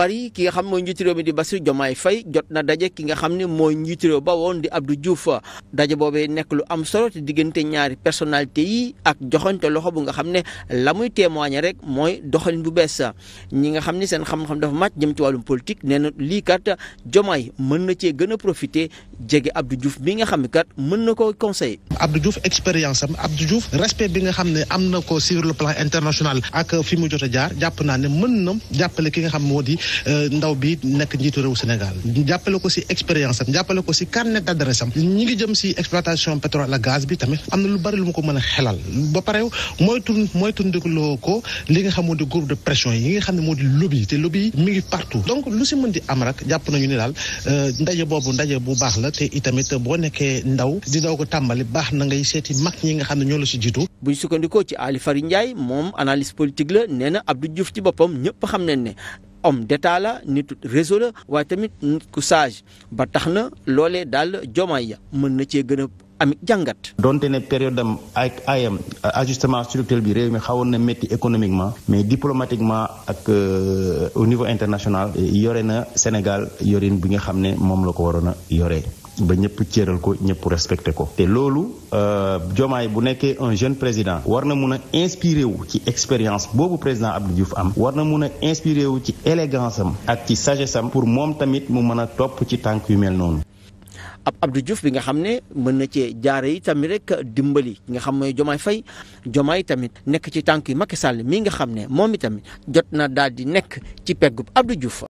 Paris ki nga xam mooy njiitu réew mi di Bassirou Diomaye Faye jot na daje ki nga xam ne mooy njiitu ba woon di Abdou Diouf daje boobee nekk lu am solo te diggante ñaari personnalité yi ak joxante loxo bu nga xam ne la muy témoigner rek mooy doxalin bu bees ñi nga xam ne seen xam-xam dafa màcc jëm ci wàllum politique nee na lii kat Diomaye mën na cee gën a profité jege Abdou Diouf bi nga xam ne kat mën na ko conseiller. Abdou Diouf expérience am Abdou Diouf respect bi nga xam ne am na ko sur plan international ak fi mu jot a jaar jàpp naa ne mën na jàppale ki nga xam moo di Euh, ndaw bi nekk njiitu réew Sénégal jàppale ko si expérience am jàppale ko si carnet d'adresse am ñi ngi jëm si exploitation pétrole ak gaz bi tamit am na lu bari lu mu ko mën a xelal ba pare mooy tun mooy tundikloo ko li nga xam moo di groupe de yi nga xam ne moo di lobby te lobby mi ngi partout donc lu si mën di am rek jàpp nañu ni daal euh, ndaje boobu ndaje bu baax la te itamit boo nekkee ndaw di daw ko tàmbali baax na ngay seeti mag ñi nga xam ne ñoo la si jiitu buñ sukkandikoo ci Ali Fari Ndiaye moom analyse politique la nee na Abdou Diouf ci boppam ñëpp xam nañ ne homme d'état la nitu réseau la waaye tamit nit ku sage ba tax na loole daal Diomaye mën na cee gën a am jàngat. donte ne période am ak ayam ajustement structurel bi réew mi xawoon na métti économiquement mais diplomatiquement ak euh, au niveau international yore na Sénégal yorin bi nga xam ne moom la ko waroon a yoree. ba ñëpp céral ko ñëpp respecté ko te loolu euh, Diomaye bu nekkee un jeune président war na mun a inspiré wu ci expérience boobu président Abdou Diouf am war na mun a inspiré wu ci élégance am ak ci sagesse am pour moom tamit mu mën a topp ci tànk yu mel noonu ab Abdou Diouf bi nga xam ne mën na cee jaare yi tamit rek dimbali nga xam mooy Jomaay Fay Jomaay tamit nekk ci tànk yi Macky Sall mi nga xam ne moom itamit jot na daal di nekk ci peggub Abdou Diouf